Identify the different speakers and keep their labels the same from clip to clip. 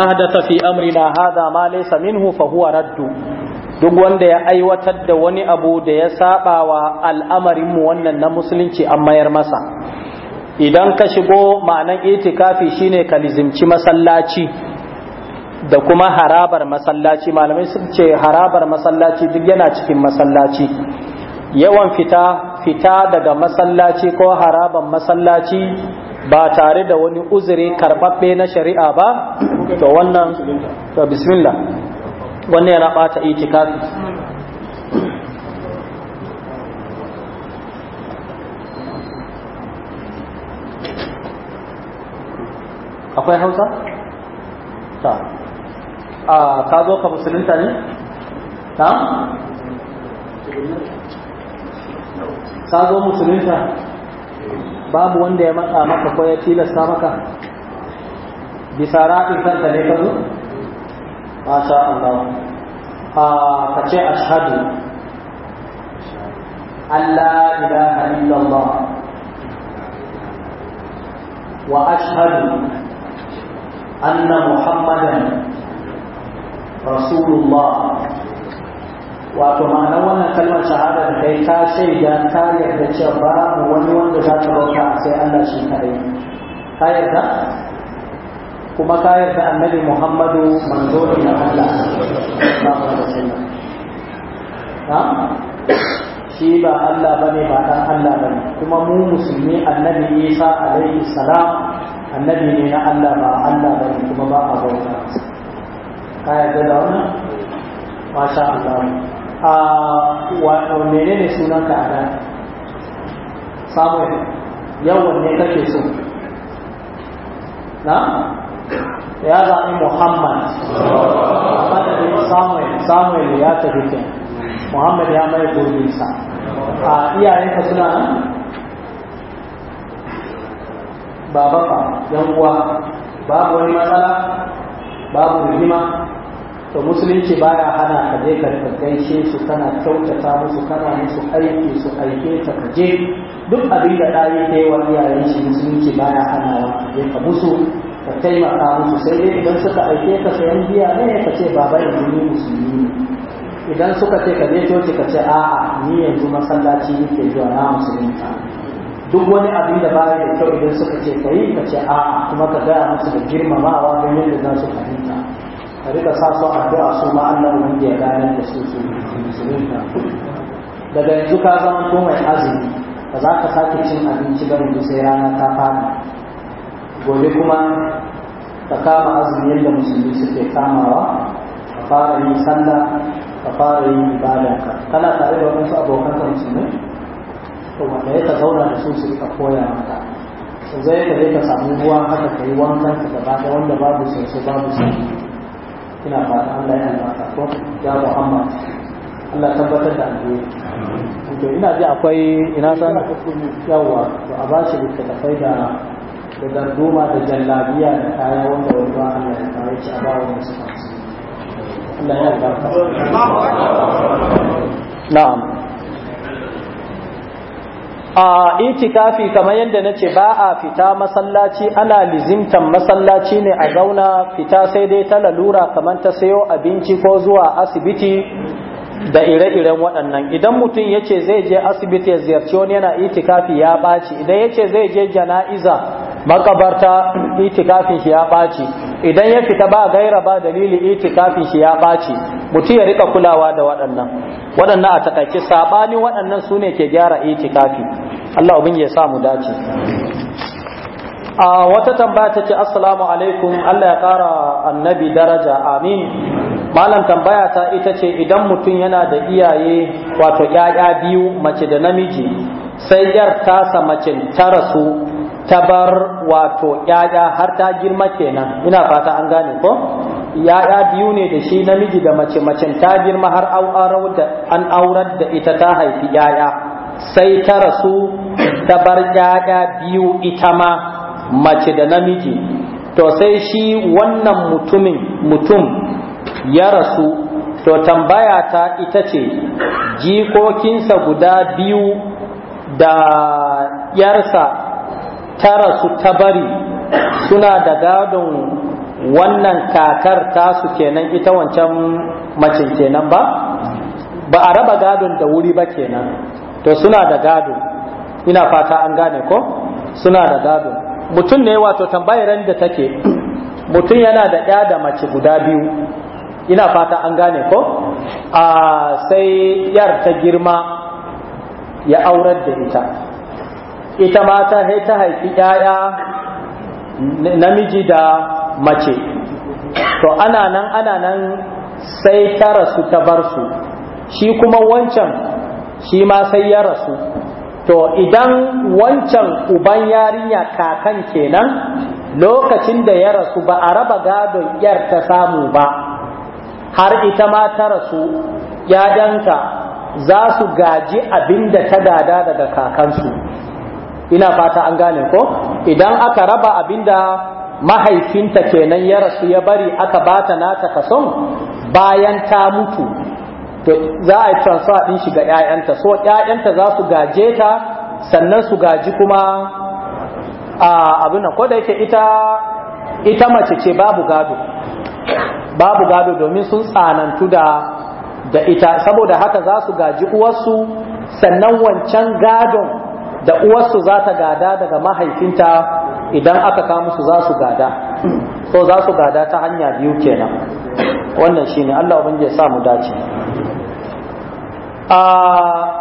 Speaker 1: ahdatha fi amrina hadha ma laysa minhu fa huwa raddu duk wanda ya aiwatar da wani abu da ya saba wa al'amarin mu wannan na musulunci an mayar masa idan ka shigo ma'anan itikafi shine ka lizimci masallaci da kuma harabar masallaci malamai sun ce harabar masallaci duk yana cikin masallaci yawan fita fita daga masallaci ko harabar masallaci ba tare da wani uzuri karɓaɓɓe na shari'a ba to wannan to bismillah wannan yana bata itikafi akwai hausa? ta a ka zo ka musulunta ne? ta? ka zo musulunta babu wanda ya matsa maka ko ya tilasta maka bisa raɗin kanta ne ka zo masha Allah a kace ashhadu Allah ilaha illallah wa ashhadu anna muhammadan rasulullah wato ma'anar wannan kalmar shahada da kai ka shaida ta yarda cewa babu wani wanda za ka bauta sai Allah shi kadai ka yarda kuma ka yarda annabi Muhammadu manzo ne na Allah babu wanda sai ha shi ba Allah bane ba dan Allah bane kuma mu musulmi annabi Isa alaihi salam annabi ne na Allah ba Allah bane kuma ba a bauta ka yarda da wannan masha Allah a menene sunanka a nan samuel yawan ne kake so na ya zaɓi muhammad madadin samuel samuel ya tafi ken muhammad ya mai gurbinsa a ka suna nan baba fa yan uwa babu wani matsala babu rigima to musulunci baya hana ka je ka gaishe su kana kyautata musu kana musu aiki su aike ka ka je duk abin da dai ta wa iyayen shi musulunci baya hana ka je ka musu ka taimaka musu sai dai idan suka aike ka sayan biya ne ka ce baba ya yi. musulmi ne idan suka ce ka je coci ka ce a'a ni yanzu masallaci nake zuwa na musulunta duk wani abin da baya da kyau idan suka ce ka yi ka ce a'a kuma ka gaya musu da girmamawa don yadda za su fahimta ka rika sa su addu'a su ma Allah ubangi ya gane da su su musulunta daga yanzu ka zama ko mai azumi ba za ka sake cin abinci ba yanzu sai rana ta fada gobe kuma ka kama azumi yadda musulmi suke kamawa ka fara yin sallah ka fara yin ibadanka kana tare da wasu abokan ka musulmi to wanda ya ka zauna da su su ka koya maka zai ka je ka samu ruwa haka ka yi wankan ka gaba da wanda babu sosai babu sosai ina fata Allah ya ta ko ya Muhammad Allah tabbatar da alheri to ina ji akwai ina san yawa to a bashi littattafai da da darduma da jallabiya da kayan wanda wani ba Allah ya kawo shi a ba wa musu Allah ya albarka na'am a itikafi kamar yadda na ce ba a fita masallaci ana lizimtan masallaci ne a zauna fita sai dai ta lalura kamar ta sayo abinci ko zuwa asibiti da ire-iren waɗannan idan mutum ya ce zai je asibiti ya ziyarci wani yana itikafi ya ɓaci idan ya ce zai je jana'iza makabarta itikafin shi ya ɓaci idan ya fita ba gaira ba dalili itikafin shi ya ɓaci mutum ya rika kulawa da waɗannan waɗannan a takaice saɓanin waɗannan su ne ke gyara itikafi Allah ubin ya sa mu dace a wata tambaya ta ce assalamu alaikum Allah ya ƙara annabi daraja amin malam tambaya ta ita ce idan mutum yana da iyaye wato ‘ya'ya biyu mace da namiji sai ‘yar tasa mace ta rasu ta bar wato ‘ya'ya har ta girma kenan ina fata an gane ko ‘ya'ya biyu ne da shi namiji da mace macen ta girma har an aurar da ita ta haifi ‘ya'ya sai ta rasu ta bar ‘ya'ya biyu ita ma mace da namiji to sai shi wannan mutumin mutum ya rasu to tambaya ta ita ce jikokinsa guda biyu da ‘yarsa tara su ta bari suna da gadon wannan kakar tasu kenan ita wancan macin kenan ba ba a raba gadon da wuri ba kenan to suna da gado ina fata an gane ko suna da gado mutum ne wato tambayar da take mutum yana da ɗaya da mace guda biyu ina fata an gane ko a ah, sai yar ta girma ya aurar da ita ita ma ta ta haifi ‘ya'ya namiji da mace to ana nan ana nan sai ta rasu ta bar su shi kuma wancan shi ma sai ya rasu to idan wancan uban yarinya kakan kenan lokacin da ya rasu ba a raba gadon yar ta samu ba har ita ma ta rasu yayanta za su gaji abinda ta gada daga kakansu ina fata an gane ko idan aka raba abinda mahaifinta kenan ya rasu ya bari aka bata nata kason bayan ta mutu to za a yi transfer din shi ga ƴaƴanta so ƴaƴanta za su gaje ta sannan su gaji kuma a abin ko da yake ita ita mace ce babu gado babu gado domin sun tsanantu da da ita saboda haka za su gaji uwarsu sannan wancan gadon da uwarsu za ta gada daga mahaifinta idan aka kawo musu za su gada so za su gada ta hanya biyu kenan wannan shi ne, Allah ubangiji ya sa mu dace ah,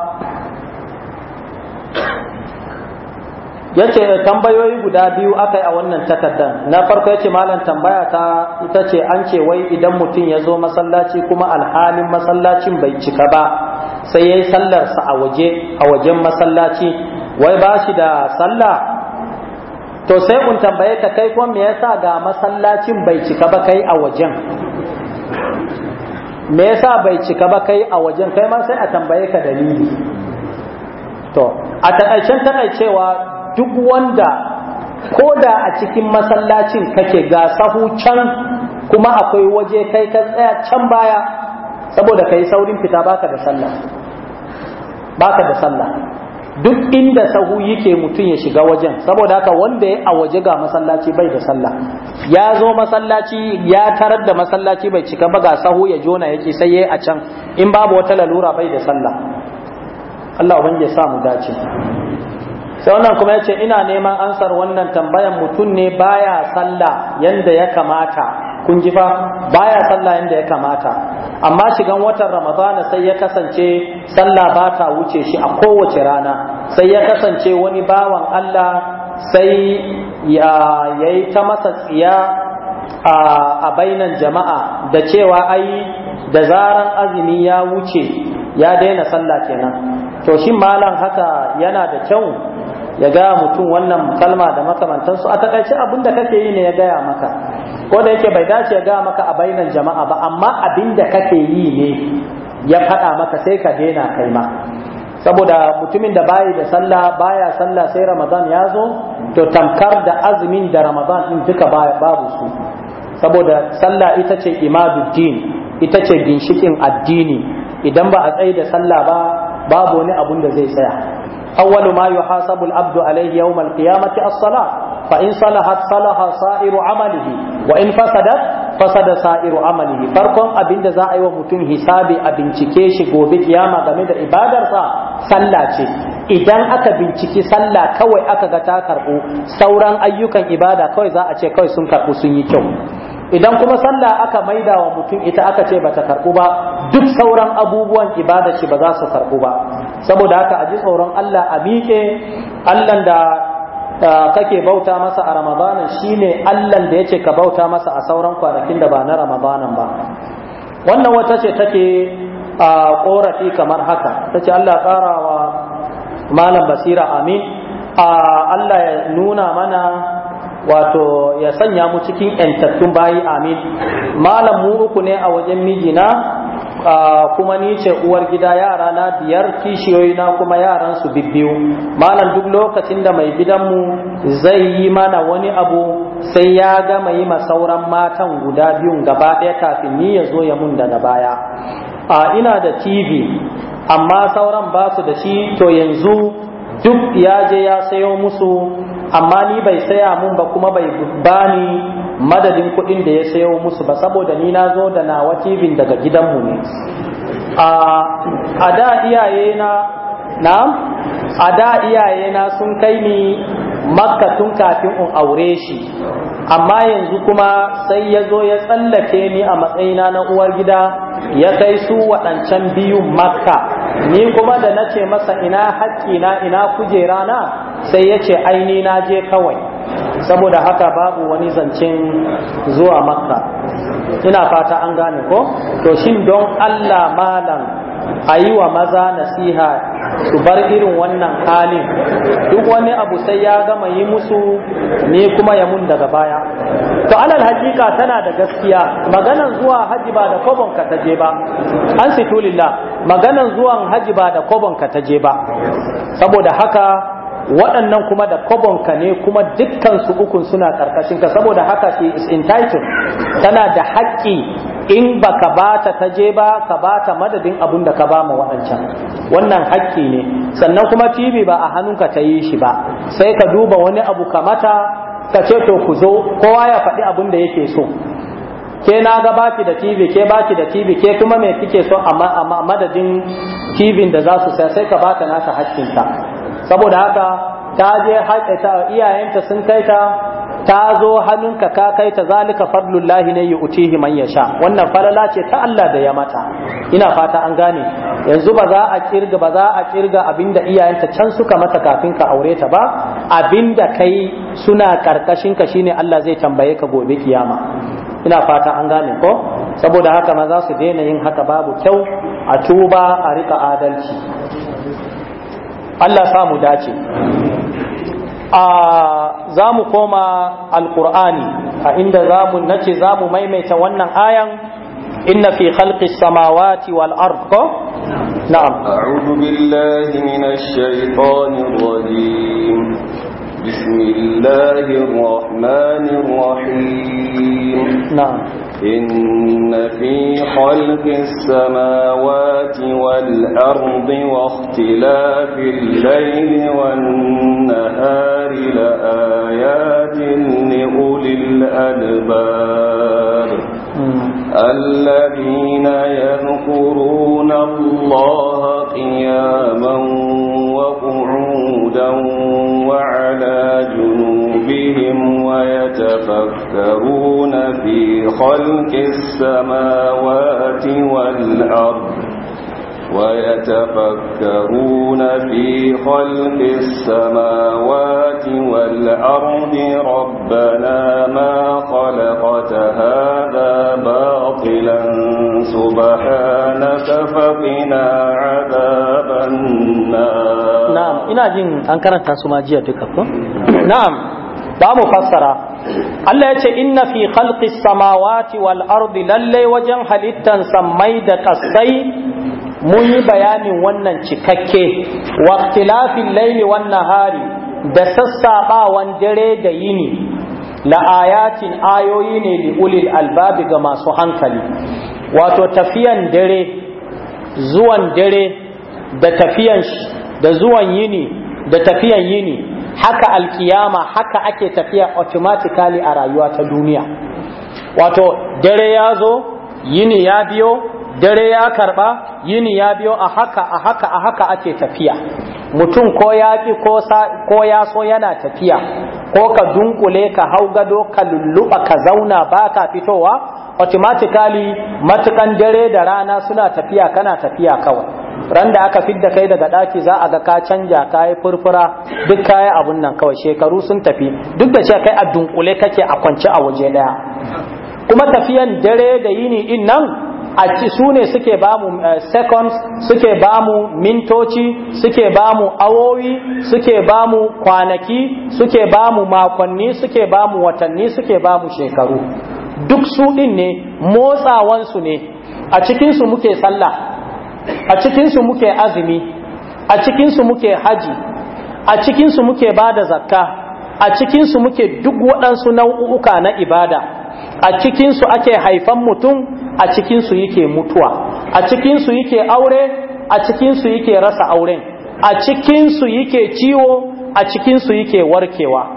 Speaker 1: Ya ce tambayoyi guda biyu aka yi a wannan takardar na farko ya ce malam tambaya ta ita ce an ce wai idan mutum ya zo masallaci kuma alhalin masallacin bai cika ba sai ya yi sallarsa a waje a wajen masallaci wai ba shi da sallah to sai mun tambaye ka kai kuma me yasa ga masallacin bai cika ba kai a wajen me yasa bai cika ba kai a wajen kai ma sai a tambaye ka dalili to a takaicen takaicewa duk wanda ko da a cikin masallacin kake ga sahu can kuma akwai waje kai ka tsaya can baya saboda kai saurin fita baka da sallah baka da sallah duk inda sahu yake mutum ya shiga wajen saboda haka wanda ya a waje ga masallaci bai da sallah ya zo masallaci ya tarar da masallaci bai cika ba ga sahu ya jona yake sai yayi a can in babu wata lalura bai da sallah Allah ban ya sa mu dace sai wannan kuma yace ina neman ansar wannan tambayan mutum ne baya sallah yanda ya kamata kun ji fa baya sallah inda ya kamata amma shigan watan ramadana sai ya kasance sallah ba ta wuce shi a kowace rana sai ya kasance wani bawan Allah sai ya yi ta masa tsiya a bainan jama'a da cewa ai da zaran azumi ya wuce ya daina sallah kenan to shin malam haka yana da kyau ya gaya mutum wannan kalma da makamantansu a takaice abin da kake yi ne ya gaya maka ko da yake bai dace ya gaya maka a bainan jama'a ba amma abin da kake yi ne ya faɗa maka sai ka daina kai ma saboda mutumin da bayi da sallah baya sallah sai ramadan ya zo to tamkar da azumin da ramadan din duka babu su saboda sallah ita ce imaduddin ita ce ginshikin addini idan ba a tsaye da sallah ba babu wani abun da zai tsaya awwalu ma yuhasabu al-abdu alayhi yawm al-qiyamati as-salah fa in salahat salaha sa'iru amalihi wa in fasadat fasada sa'iru amalihi farkon abin da za a yi wa mutum hisabi a bincike shi gobe kiyama game da ibadarsa sallah ce idan aka binciki sallah kawai aka ga ta karbu sauran ayyukan ibada kawai za a ce kawai sun karbu sun yi kyau idan kuma sallah aka maida wa mutum ita aka ce bata karɓu ba duk sauran abubuwan ibada shi ba za su karɓu ba saboda haka a ji tsoron Allah a miƙe Allah da kake bauta masa a ramadanan shine Allah da yace ka bauta masa a sauran kwanakin da ba na ramadanan ba wannan wata ce take a korafi kamar haka tace Allah ƙara wa malam basira amin Allah ya nuna mana wato ya sanya mu cikin ‘yantattun bayi amin malam mu uku ne a wajen mijina kuma ni ce uwar gida yara na biyar kishiyoyi na kuma yaran su bibbiyu malam duk lokacin da mai gidan mu zai yi mana wani abu sai ya gama yi sauran matan guda biyun gaba ɗaya kafin ni ya zo ya mun daga baya a ina da tv amma sauran ba su da shi to yanzu duk ya je ya sayo musu amma ni bai saya mun ba kuma bai bani madadin kuɗin da ya sayo musu ba saboda ni na zo da nawa tibin daga gidanmu ne a da iyaye na na a da iyaye na sun kai ni makka tun kafin in aure shi amma yanzu kuma sai ya zo ya tsallake ni a matsayina na uwar gida ya kai su waɗancan biyun makka ni kuma da na ce masa ina haƙƙina ina kujera na sai ya ce aini na je kawai saboda haka babu wani zancen zuwa makka ina fata an gane ko to shin don allah malam a yi wa maza nasiha su bar irin wannan halin duk wani abu sai ya gama yi musu ne kuma ya mun daga baya to alal hakika tana da gaskiya maganan zuwa haji ba da kobon ka taje ba an situlillah maganan zuwan haji ba da kobon ka taje ba saboda haka waɗannan kuma da kobonka ne kuma dukkan su ukun suna karkashin ka saboda haka she is entitled tana da haƙƙi in ba ka ba ta je ba ka ba ta madadin abun da ka ba ma waɗancan wannan haƙƙi ne sannan kuma tibi ba a hannunka ta yi shi ba sai ka duba wani abu ka mata, ka ce to ku zo kowa ya faɗi abun da yake so ke na ga baki da tibi ke baki da tibi ke kuma me kike so a madadin tibin da za su sai sai ka ba ta nasa haƙƙinka saboda haka ta je ta, iyayenta sun kai ta ta zo hannunka ka kai ta zalika fadlullahi ne yu'tihi man sha." wannan falala ce ta Allah da ya mata ina fata an gane yanzu ba za a kirga ba za a kirga abinda iyayenta can suka mata kafin ka aure ta ba abinda kai suna karkashin ka shine Allah zai tambaye ka gobe kiyama ina fata an gane ko saboda haka maza su daina yin haka babu kyau a tuba a rika adalci Allah samu dace a za mu koma alkur'ani a inda za mu nace za mu maimaita wannan ayan inna fi khalqi samawati wal ardi
Speaker 2: na'am a'udhu billahi minash shaitanir rajim bismillahir rahmanir rahim na'am إن في خلق السماوات والأرض واختلاف الليل والنهار لآيات لأولي الألباب الذين يذكرون الله قياما وقعودا وعلى جنوبا ويتفكرون في خلق السماوات والأرض ويتفكرون في خلق السماوات والأرض ربنا ما خلقت هذا باطلا سبحانك فقنا عذاب النار
Speaker 1: نعم إنا جين أنكرت تسمى جيتك نعم za mu fassara Allah ya ce inna fi khalqi samawati wal ardi lallai wajen halittan sammai da kasai mun yi bayanin wannan cikakke wa ikhtilafil layli wan nahari da sassabawan dare da yini la ayatin ayoyi ne li ulil albabi ga masu hankali wato tafiyan dare zuwan dare da tafiyan da zuwan yini da tafiyan yini haka alkiyama haka ake tafiya automatically a rayuwa ta duniya wato dare ya zo yini ya biyo dare ya karba yini ya biyo a haka a haka a haka ake tafiya mutum ko ya ki ko ya so yana tafiya ko ka dunkule ka hau gado ka lulluɓa ka zauna ba ka fitowa automatically matukan dare da rana suna tafiya kana tafiya kawai ran da aka fidda kai daga daki, za a ga ka canja ka yi furfura duk yi abun nan kawai shekaru sun tafi duk da cewa kai a dunkule kake a kwance a waje daya. kuma tafiyan dare da yini din nan a ci su ne suke bamu eh, seconds suke bamu mintoci suke bamu awowi suke bamu kwanaki suke bamu makonni suke bamu watanni suke bamu shekaru duk su din ne motsawansu ne a cikinsu muke sallah a cikinsu muke azumi a cikinsu muke haji a cikinsu muke ba zakka a cikinsu muke duk waɗansu nau'uka na ibada a cikinsu ake haifan mutum a cikinsu yake mutuwa a cikinsu yake aure a cikinsu yake rasa auren a cikinsu yake ciwo a cikinsu yake warkewa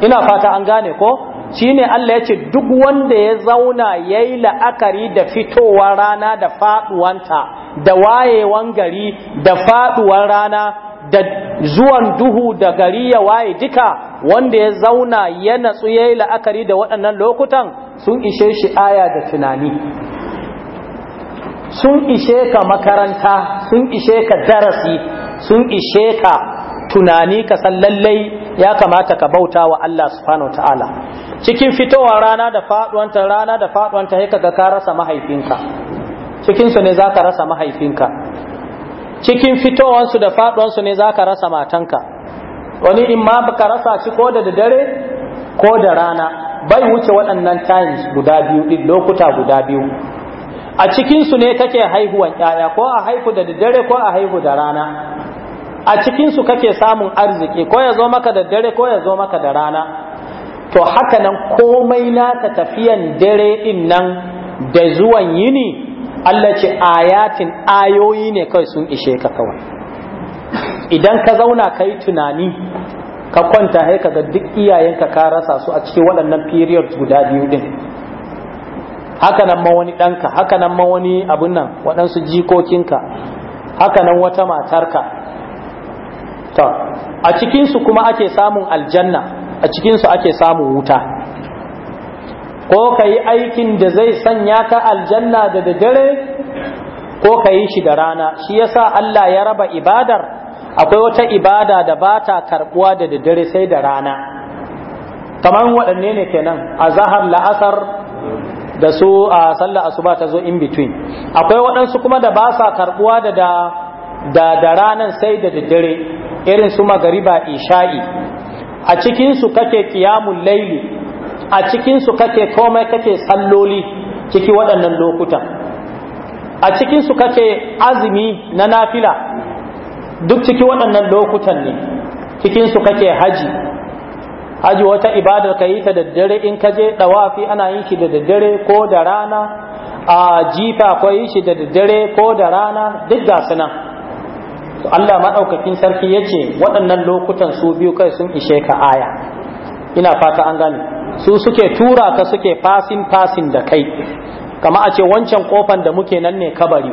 Speaker 1: ina fata an gane ko Shi ne Allah ya ce duk wanda ya zauna ya yi la'akari da fitowar rana da faɗuwanta, da wayewan gari da faduwar rana da zuwan duhu da gari ya waye duka wanda ya zauna ya natsu ya yi la'akari da waɗannan lokutan sun ishe shi aya da tunani sun ishe ka makaranta sun ishe ka darasi sun ishe ka tunani ka san lallai ya kamata ka bauta wa Allah subhanahu ta'ala cikin fitowar rana da faduwanta rana da faduwanta sai kaga ka rasa mahaifinka cikin su ne zaka rasa mahaifinka cikin fitowar su da faduwar su ne zaka rasa matanka wani in ma baka rasa shi ko da dare ko da rana bai wuce waɗannan times guda biyu din lokuta guda biyu a cikin su ne kake haihuwan yaya ko a haihu da dare ko a haihu da rana a cikinsu kake samun arziki ko ya zo maka da dare ko ya zo maka da rana to haka nan komai naka tafiyan dare din nan da zuwan yini Allah ce ayatin ayoyi ne kawai sun ishe ka kawai idan ka zauna ka yi tunani ka kwanta sai ka ga duk iyayenka ka rasa su a cikin waɗannan period guda biyu din haka nan ma wani ɗanka haka nan ma wani abun nan waɗansu jikokinka haka nan wata matarka to a cikinsu kuma ake samun aljanna a cikin ake samun wuta ko kai aikin da zai sanya ka aljanna da dare ko kai shi da rana shi yasa Allah ya raba ibadar akwai wata ibada da ba ta karbuwa da dare sai da rana kamar waɗanne ne kenan a zahar la'asar da su a sallar asuba ta zo in between akwai waɗansu kuma da ba sa karbuwa da da da da ranan sai da daddare irin su magariba isha'i a cikinsu kake kiyamun laili a cikinsu kake komai kake salloli ciki waɗannan lokutan a cikinsu kake azumi na nafila duk ciki waɗannan lokutan ne cikinsu kake haji haji wata ibadar ka yi ta daddare in ka je ɗawafi ana yin shi da daddare ko da rana a jifa ko yi shi da daddare ko da rana duk gasu nan Allah maɗaukakin sarki ya ce waɗannan lokutan su biyu kai sun ishe ka aya ina fata an gane su suke tura ka suke fasin fasin da kai kama a ce wancan kofan da muke nan ne kabari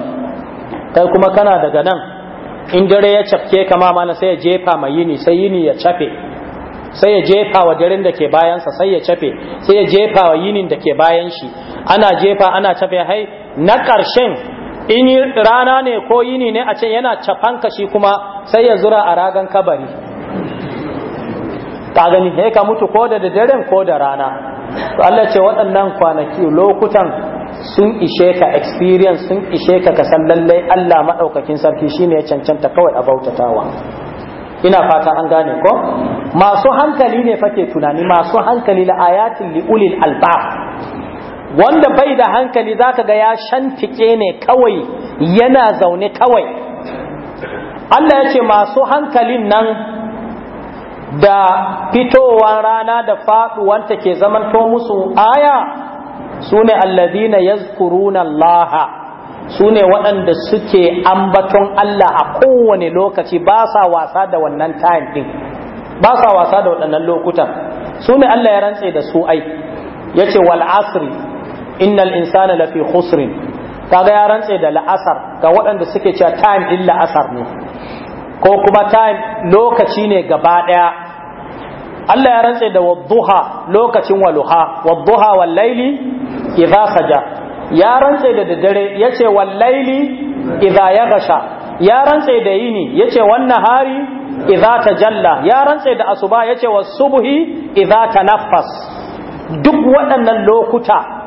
Speaker 1: kai kuma kana daga nan in dare ya cafke kama mana sai ya jefa mai yini sai yini ya cafe sai ya jefa wa daren da ke bayansa sai ya cafe sai ya jefa wa yinin da ke bayan shi ana jefa ana cafe hai na karshen. in rana ne ko yini ne a ce yana cafan kashi kuma sai ya zura a ragan kabari ka gani sai ka mutu ko da daren ko da rana to Allah ce waɗannan kwanaki lokutan sun ishe ka experience sun ishe ka ka san lallai Allah maɗaukakin sarki shine ya cancanta kawai a bautatawa ina fata an gane ko masu hankali ne fake tunani masu hankali la ayatin li ulil albab wanda bai da hankali zaka ga ya shantike ne kawai yana zaune kawai Allah ya ce masu hankalin nan da fitowar rana da faɗuwanta ke zamanto musu aya sune allazina yazkuruna Allah sune waɗanda suke ambaton Allah a kowane lokaci ba sa wasa da wannan time din ba sa wasa da waɗannan lokutan sune Allah ya rantse da su ai yace wal asri innal insana lafi khusrin kaga ya rantse da la'asar ga waɗanda suke cewa time din la'asar ne ko kuma time lokaci ne gaba ɗaya Allah ya rantse da wadduha lokacin waluha wadduha wal laili idha saja ya rantse da dare yace wal laili idha yaghsha ya rantse da yini yace wan nahari idha tajalla ya rantse da asuba yace was subhi idha tanaffas duk waɗannan lokuta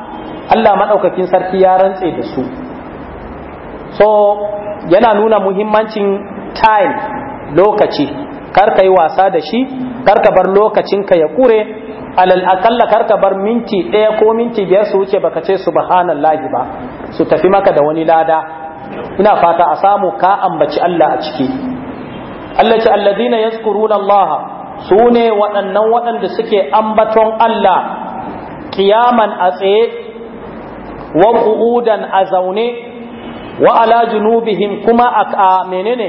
Speaker 1: Allah maɗaukakin sarki ya rantse da su so yana nuna muhimmancin time lokaci karka yi wasa da shi karka bar ka ya kure alal akalla karka bar minti ɗaya ko minti biyar su wuce baka ce subhanallahi ba su tafi maka da wani lada ina fata a samu ka ambaci Allah a ciki
Speaker 3: Allah ce alladhina
Speaker 1: yazkuruna Allah su ne waɗannan waɗanda suke ambaton Allah qiyaman a tsaye wa qu'udan a zaune wa ala junubihim kuma a menene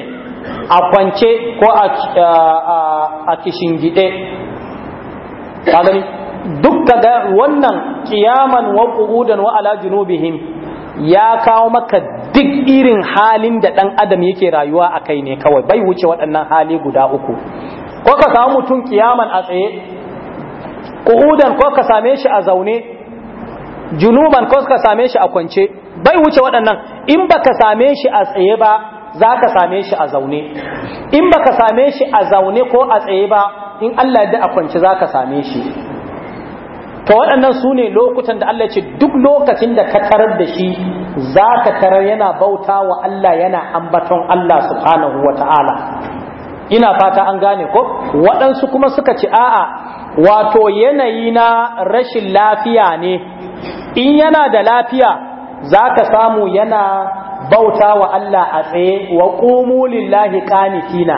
Speaker 1: a kwance ko a kishingide duk da wannan kiyaman wa qu'udan wa ala junubihim ya kawo maka duk irin halin da dan adam yake rayuwa a kai ne kawai bai wuce waɗannan hali guda uku ko ka samu mutum kiyaman a tsaye ku'udan ko ka same shi a zaune junuban ko ka same shi a kwance bai wuce waɗannan in baka same shi a tsaye ba za ka same shi a zaune in baka same shi a zaune ko a tsaye ba in Allah da a kwance za ka same shi to waɗannan su ne lokutan da Allah ce duk lokacin da ka tarar da shi za ka tarar yana bauta wa Allah yana ambaton Allah subhanahu wa ta'ala ina fata an gane ko waɗansu kuma suka ci a'a wato yanayi na rashin lafiya ne in yana da lafiya za ka samu yana bauta wa Allah a tsaye wa ƙumu lillahi ƙanitina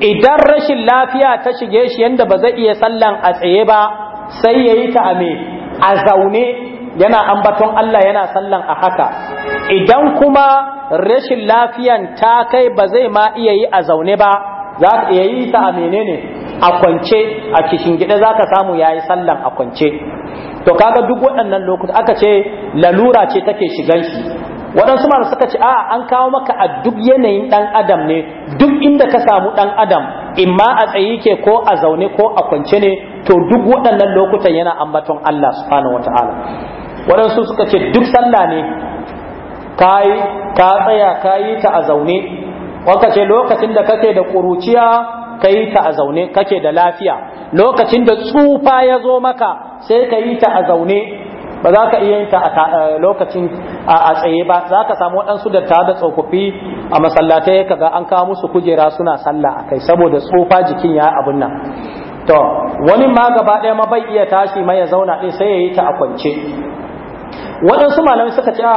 Speaker 1: idan rashin lafiya ta shige shi yadda ba zai iya sallan a tsaye ba sai ya yi ta a zaune yana ambaton Allah yana sallan a haka idan kuma rashin lafiyan ta kai ba zai ma iya yi a zaune ba za ka iya yi ta a menene a kwance a kishin gida za ka samu ya yi sallan a kwance to kaga duk waɗannan lokuta aka ce lalura ce take shigan shi waɗansu mara suka ce a an kawo maka a duk yanayin ɗan adam ne duk inda ka samu ɗan adam imma a tsayi ke ko a zaune ko a kwance ne to duk waɗannan lokutan yana ambaton Allah subhanahu wataala waɗansu suka ce duk sallah ne ka tsaya ka yi ta a zaune wanka ce lokacin da kake da ƙuruciya ka yi ta a zaune kake da lafiya lokacin da tsufa ya zo maka sai ka yi ta a zaune ba za ka iya yin ta a lokacin a tsaye ba za ka samu waɗansu da ta da tsofaffi a masallatai ya ga an kawo musu kujera suna sallah a kai saboda tsufa jikin ya abun nan to wani ma gaba ɗaya ma bai iya tashi ma ya zauna ɗin sai ya yi ta a kwance
Speaker 2: waɗansu malamai suka ce a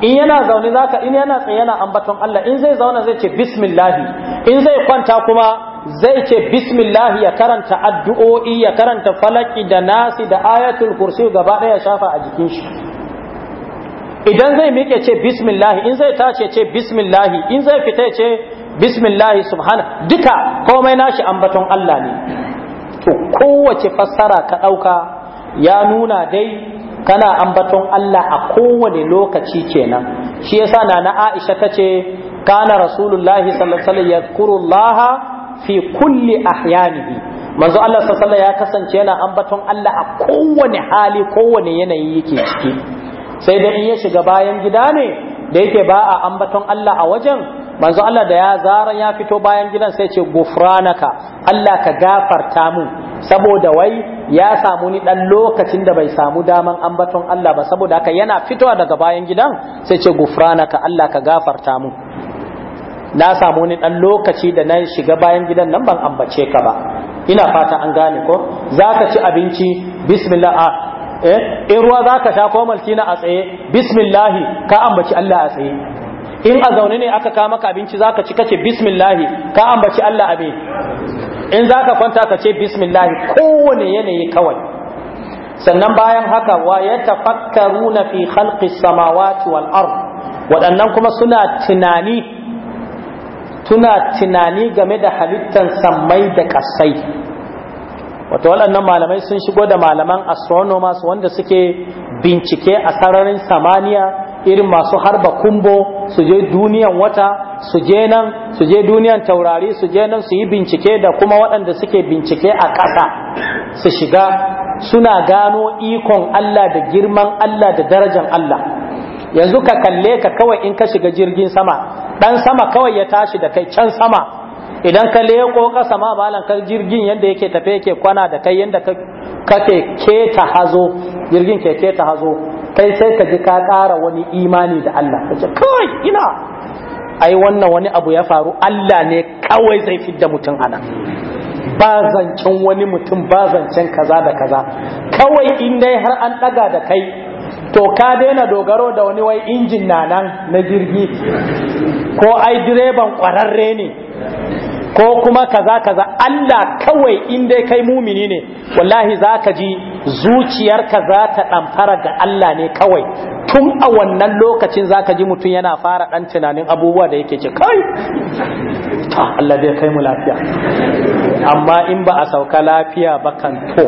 Speaker 2: in yana zaune
Speaker 1: za ka in yana tsaye yana ambaton Allah in zai zauna zai ce bismillahi in zai kwanta kuma zai ce bismillah ya karanta addu'o'i ya karanta falaki da nasi da ayatul kursi gaba ɗaya shafa a jikin shi idan zai miƙe ce bismillah in zai tace ce bismillah in zai fita ce bismillah subhana duka komai nashi ambaton Allah ne to kowace fassara ka ɗauka ya nuna dai kana ambaton Allah a kowane lokaci kenan shi yasa na na Aisha tace kana rasulullahi sallallahu alaihi wasallam yadhkurullaha fi kulli ahyanihi manzo Allah sallallahu ya kasance yana ambaton Allah a kowane hali kowane yanayi yake ciki sai da in ya shiga bayan gida ne da yake ba a ambaton Allah a wajen manzo Allah da ya zara ya fito bayan gidan sai ce gufranaka Allah ka gafarta mu saboda wai ya samu ni dan lokacin da bai samu daman ambaton Allah ba saboda haka yana fitowa daga bayan gidan sai ce gufranaka Allah ka gafarta mu na samu wani ɗan lokaci da na shiga bayan gidan nan ban ambace ka ba ina fata an gane ko za ka ci abinci bismillah a eh in ruwa za ka sha ko maltina a tsaye bismillahi ka ambaci Allah a tsaye in a zaune ne aka kawo maka abinci za ka ci kace bismillahi ka ambaci Allah a me in za ka kwanta ka ce bismillahi kowane yanayi kawai sannan bayan haka wa ya tafakkaru na fi khalqis samawati wal ard waɗannan kuma suna tunani tuna tunani game da halittan sammai da kasai wato waɗannan malamai sun shigo da malaman astronomers wanda suke bincike a sararin samaniya irin masu harba kumbo su je duniyan wata su je nan su je duniyan taurari su je nan su yi bincike da kuma waɗanda suke bincike a ƙasa su shiga suna gano ikon Allah da girman Allah da darajan Allah yanzu ka kalle ka kawai in ka shiga jirgin sama dan sama kawai ya tashi da kai can sama idan ka leko kasa ma balan ka jirgin yadda yake tafe yake kwana da kai yadda kake keta hazo jirgin ke keta hazo kai sai ka ji ka ƙara wani imani da Allah kace kai ina ai wannan wani abu ya faru Allah ne kawai zai fidda mutum ana ba zancen wani mutum ba zancen kaza da kaza kawai in dai har an ɗaga da kai to ka daina dogaro da wani wai injin na nan na jirgi ko ai direban kwararre ne ko kuma kaza kaza Allah kawai in dai kai mumini ne wallahi za ka ji zuciyarka za ta ɗamfara ga Allah ne kawai tun a wannan lokacin za ka ji mutum yana fara ɗan tunanin abubuwa da yake ce kai Allah zai kai mu lafiya amma in ba a sauka lafiya ba kan to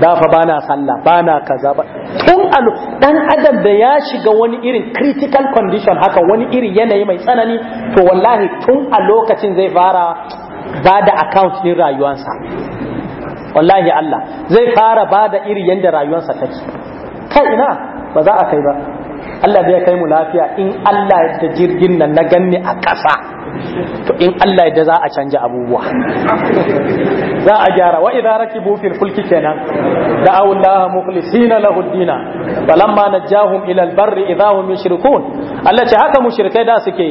Speaker 1: dafa ba na sallah ba na kaza ba tun alu dan adam da ya shiga wani irin critical condition haka wani irin yanayi mai tsanani to wallahi tun a lokacin zai fara ba da account din rayuwarsa wallahi Allah zai fara ba da iri yanda rayuwarsa take kai ina ba za a kai ba Allah bai kai mu lafiya in Allah ya jirgin nan na ganni a ƙasa to in Allah ya za a canja abubuwa za a gyara wa idza rakibu fil fulki kenan da Allah mukhlisina lahu dinna falamma najahum ila al barri idza hum yushrikun Allah ce haka mushrikai da suke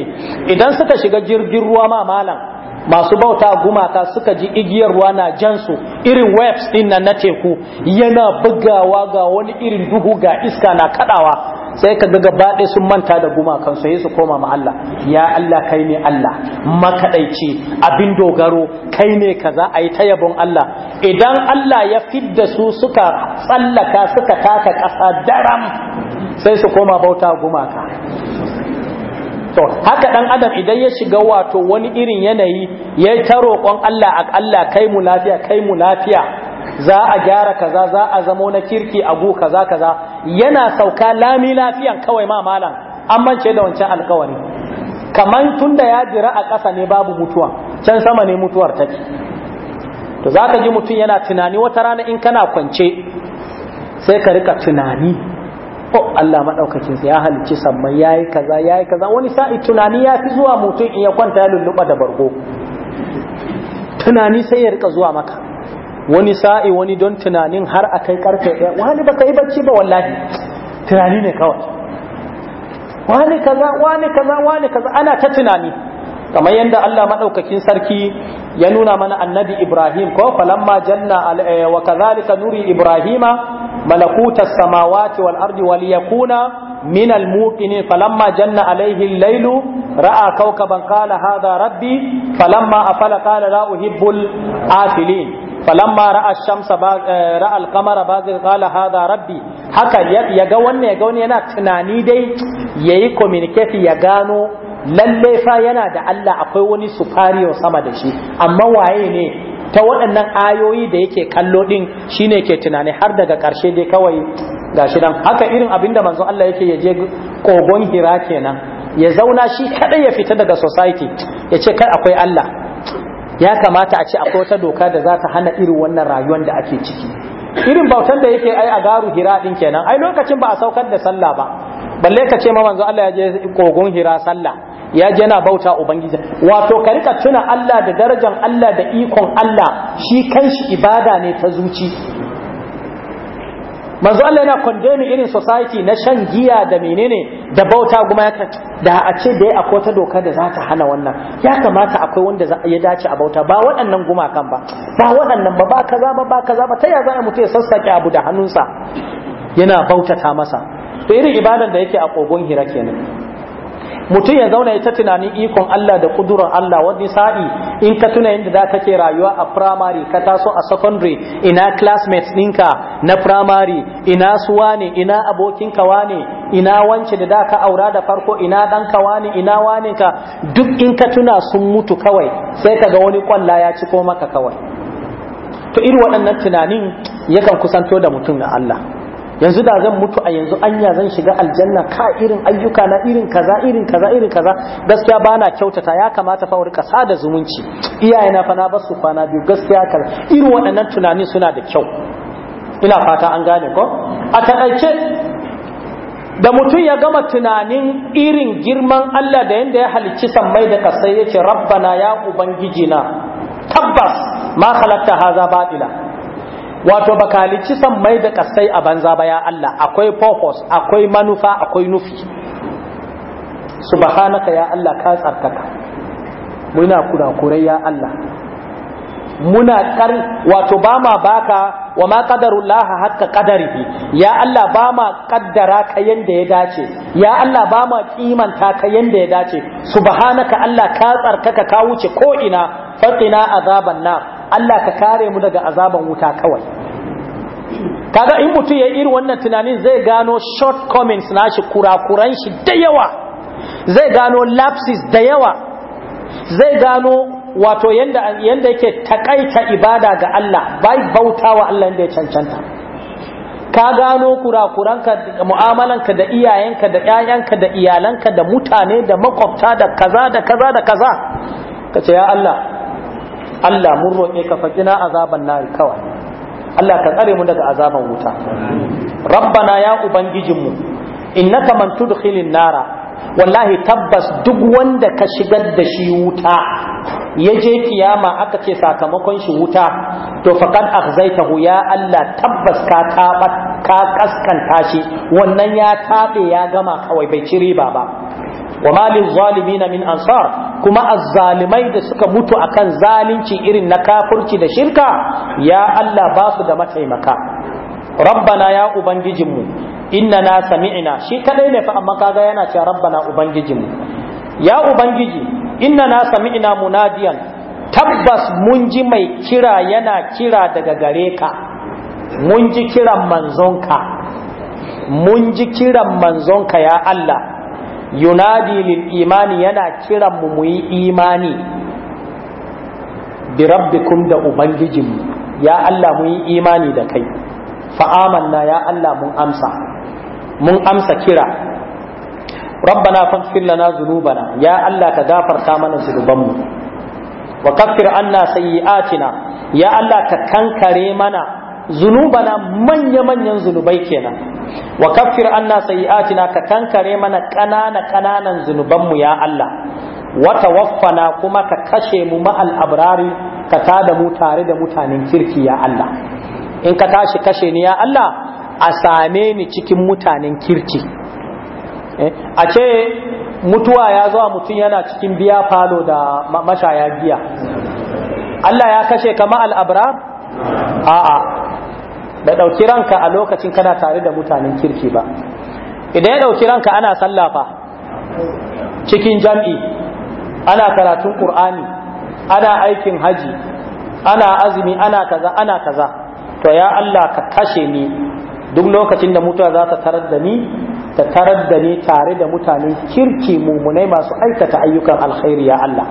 Speaker 1: idan suka shiga jirgin ruwa ma malam masu bauta gumaka suka ji igiyar ruwa na jansu irin webs din nan na teku yana bugawa ga wani irin duhu ga iska na kadawa sai ka ga baɗe sun manta da gumakan sai su koma ma Allah ya Allah kai ne Allah makadaici abin dogaro kai ne kaza ayi ta yabon Allah idan Allah ya fidda su suka tsallaka suka taka ƙasa daram sai su koma bauta gumaka to haka dan adam idan ya shiga wato wani irin yanayi ya ta roƙon Allah a Allah kai mu lafiya kai mu lafiya za a gyara kaza za a zamo na kirki a kaza kaza yana sauka lami lafiyan kawai ma malam an mance da wancan alkawari kaman tunda ya jira a ƙasa ne babu mutuwa can sama ne mutuwar take to zaka ji mutum yana tunani wata rana in kana kwance sai ka rika tunani oh Allah maɗaukakin sa ya halicci sammai yi kaza ya yi kaza wani sa'i tunani ya fi zuwa mutum in ya kwanta ya lulluɓa da bargo tunani sai ya rika zuwa maka wani sa'i wani don tunanin har a kai karfe ɗaya wani baka yi bacci ba wallahi tunani ne kawai wani kaza wani kaza wani kaza ana ta tunani kamar yadda Allah maɗaukakin sarki ya nuna mana annabi Ibrahim ko falamma janna eh, wa kadhalika nuri Ibrahima malakuta samawati wal ardi wal yakuna min al muqini falamma janna alayhi al laylu ra'a kawkaban qala hadha rabbi falamma afala qala la uhibbu al afilin falamma ra'a shamsa eh, ra'a al-qamara bazir qala hadha rabbi haka ya ga wannan ya ga wani yana tunani dai yayi communicate ya gano lalle fa yana da Allah akwai wani superior sama da shi amma waye ne ta waɗannan ayoyi da yake kallo ɗin shine ke tunani har daga ƙarshe dai kawai Ga shi nan haka irin abin da manzon Allah yake yaje kogon hira kenan ya zauna shi kadai ya fita daga society ya ce kai akwai Allah ya kamata a ce akwai wata doka da za ta hana irin wannan rayuwar da ake ciki irin bautan da yake ai a garu hira ɗin kenan ai lokacin ba a saukar da sallah ba balle ka ce ma manzo Allah ya je kogon hira sallah ya je yana bauta ubangiji wato ka rika tuna Allah da darajar Allah da ikon Allah shi kanshi ibada ne ta zuci manzo Allah yana condemn irin society na shan giya da menene da bauta kuma ya da a ce da ya akwai ta doka da za ta hana wannan ya kamata akwai wanda ya dace a bauta ba waɗannan gumakan ba ba waɗannan ba ba kaza ba ba kaza ba ta ya za a mutu ya sassaƙe abu da hannunsa yana bautata masa to irin ibadan da yake a kogon hira kenan mutum ya zauna ya ta tunanin ikon Allah da kudurar Allah wani sa'i in ka tuna yadda za ka ke rayuwa a primary ka taso a secondary ina classmates ɗinka na primary ina suwa ne ina abokinka wane ina wance da da ka aura da farko ina ɗanka wane ina wane ka duk in ka tuna sun mutu kawai sai ka ga wani kwalla ya ci ko maka kawai to irin waɗannan tunanin yakan kusanto da mutum ga Allah yanzu da zan mutu a yanzu anya zan shiga aljanna ka irin ayyuka na irin kaza irin kaza irin kaza gaskiya bana kyautata ya kamata fa kasa da zumunci iyayena fa na basu kwana biyu gaskiya kaza irin waɗannan tunani suna da kyau ina fata an gane ko a takaice da mutum ya gama tunanin irin girman Allah da yanda ya halicci sammai da kasai yace rabbana ya ubangijina tabbas ma halatta haza batila wato baka halicci mai da kasai a banza ba ya Allah akwai purpose akwai manufa akwai nufi subhanaka ya Allah ka tsarkaka muna kurakurai ya Allah muna kar wato ba ma baka wa ma Allah hakka qadarihi ya Allah ba ma kaddara ka yanda ya dace ya Allah ba ma kimanta ka yanda ya dace subhanaka Allah ka tsarkaka ka wuce ko ina fatina azaban nar Allah ka kare mu daga azaban wuta kawai kaga in mutum ya iri wannan tunanin zai gano shortcomings nashi kurakuran shi da yawa zai gano lapses da yawa zai gano wato yanda yanda yake takaita ibada ga Allah bai bautawa Allah inda ya cancanta ka gano kurakuranka mu'amalanka da iyayenka da ƴaƴanka da iyalanka da mutane da makwabta da kaza da kaza da kaza kace ya Allah Allah mun roƙe ka fakina azaban nari kawai Allah ka tsare mu daga azaban wuta rabbana ya ubangijinmu innaka man tudkhilin nara wallahi tabbas duk wanda ka shigar da shi wuta ya je kiyama aka ce sakamakon shi wuta to faqad akhzaitahu ya Allah tabbas ka ka kaskanta shi wannan ya tabe ya gama kawai bai ci riba ba wa malin zalimina min ansar kuma azzalimai da suka mutu akan zalunci irin na kafurci da shirka ya Allah ba su da mataimaka rabbana ya ubangijinmu inna na sami'ina shi kadai ne fa amma kaga yana cewa rabbana ubangijinmu ya ubangiji inna na sami'ina munadiyan tabbas mun ji mai kira yana kira daga gare ka mun ji kiran manzonka mun ji kiran manzonka ya Allah yunadi lil imani yana kiran mu muyi yi imani bi rabbikum da ubangijin ya Allah mu yi imani da kai fa ya Allah mun amsa mun amsa kira rabbana faghfir lana dhunubana ya Allah ka gafarta mana zunubanmu wa kaffir anna sayyi'atina ya Allah ka kankare mana zunubana manya-manyan zunubai kenan wa kafir anna sayi'atina ka kankare mana ƙanana ƙananan mu ya Allah wa tawaffana kuma ka kashe mu ma'al abrari ka tada mu tare da mutanen kirki ya Allah in ka tashi kashe ni ya Allah a same ni cikin mutanen kirki eh, a ce mutuwa ya zuwa mutum yana cikin biya falo da mashaya biya Allah ya kashe ka ma'al abrar A'a, bai ɗauki ranka a lokacin kana tare da mutanen kirki ba idan ya ɗauki ranka ana sallafa cikin jam'i ana karatun ƙur'ani ana aikin haji ana azumi ana kaza ana kaza to ya Allah ka kashe ni duk lokacin da mutuwa za ta tarar da ni ta tarar da ni tare da mutanen kirki mummunai masu aikata ayyukan alkhairi ya Allah